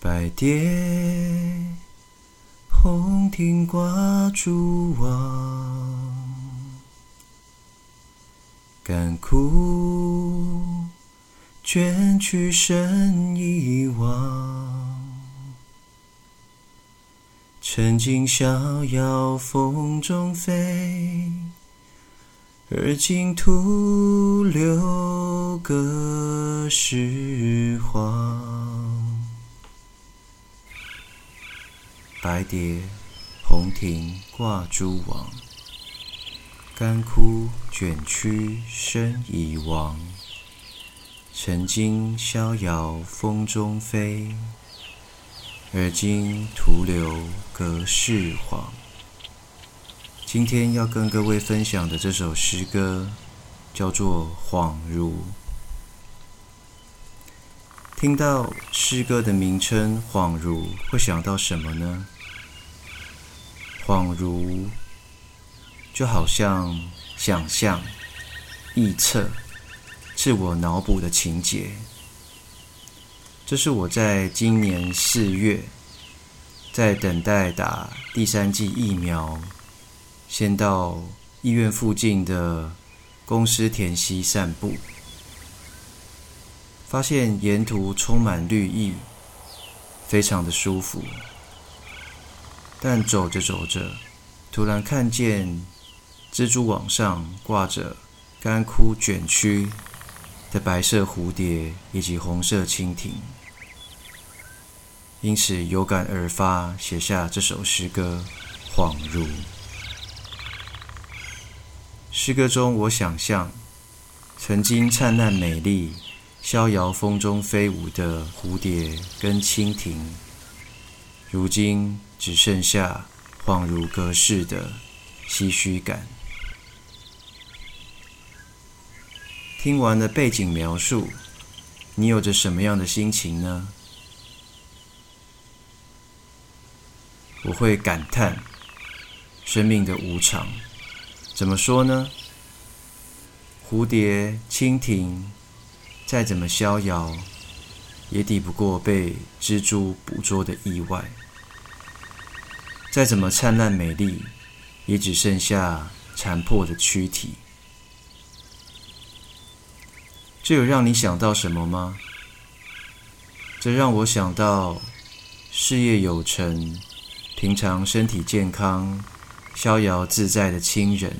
白蝶，紅蜓掛蛛網。乾枯，捲曲身已亡。曾經逍遙風中飛，而今徒留隔世恍。白蝶，紅蜓掛蛛網。乾枯捲曲，身已亡。曾經逍遙風中飛，而今徒留隔世恍。今天要跟各位分享的這首詩歌，叫做《恍如》。聽到詩歌的名稱《恍如》，會想到什麼呢？恍如，就好像想象、臆測、自我腦補的情節。這是我在今年四月，在等待打第三劑疫苗，先到醫院附近的公司田溪散步，發現沿途充滿綠意，非常的舒服。但走着走着，突然看見蜘蛛網上掛着乾枯捲曲的白色蝴蝶以及紅色蜻蜓，因此有感而發寫下這首詩歌《恍如》。詩歌中，我想象曾經燦爛美麗、逍遙風中飛舞的蝴蝶跟蜻蜓。如今只剩下恍如隔世的唏噓感。聽完了背景描述，你有着什麼樣的心情呢？我會感嘆生命的無常。怎麼說呢？蝴蝶、蜻蜓，再怎麼逍遙。也抵不過被蜘蛛捕捉的意外。再怎麼燦爛美麗，也只剩下殘破的軀體。這有讓你想到什麼嗎？這讓我想到事業有成、平常身體健康、逍遙自在的親人，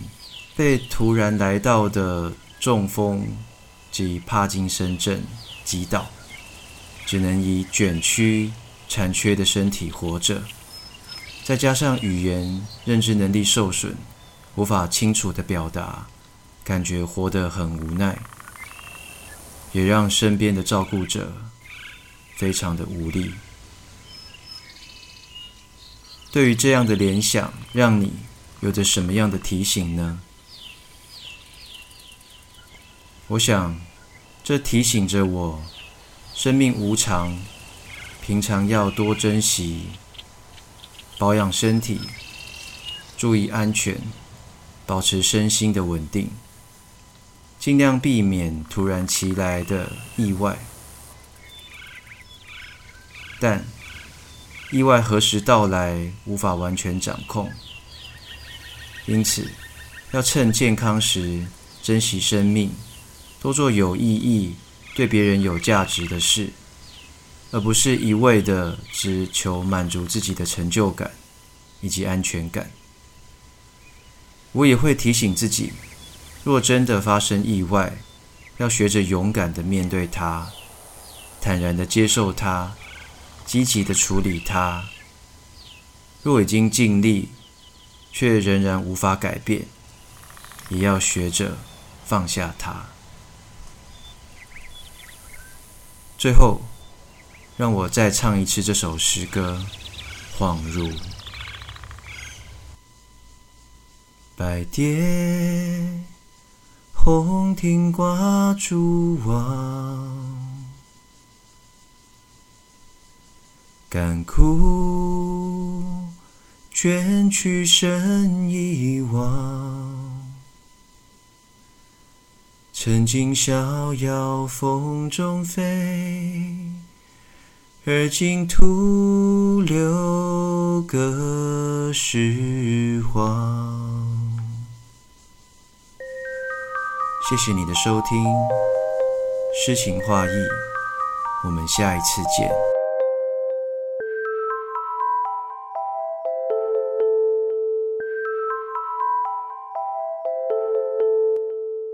被突然來到的中風及帕金森症擊倒。只能以捲曲、殘缺的身體活着，再加上語言認知能力受損，無法清楚的表達，感覺活得很無奈，也讓身邊的照顧者非常的無力。對於這樣的聯想，讓你有着什麼樣的提醒呢？我想，這提醒着我。生命無常，平常要多珍惜，保養身體，注意安全，保持身心的穩定，盡量避免突然其來的意外。但意外何時到來，無法完全掌控，因此要趁健康時珍惜生命，多做有意義。對別人有價值的事，而不是一味的只求滿足自己的成就感以及安全感。我也會提醒自己，若真的發生意外，要學着勇敢的面對它，坦然的接受它，積極的處理它。若已經盡力，卻仍然無法改變，也要學着放下它。最後，讓我再唱一次這首詩歌，《恍如》。白蝶，紅蜓掛蛛網，乾枯，捲曲身已亡。曾經逍遙風中飛，而今徒留隔世恍。謝謝你的收聽，詩情畫意，我們下一次見。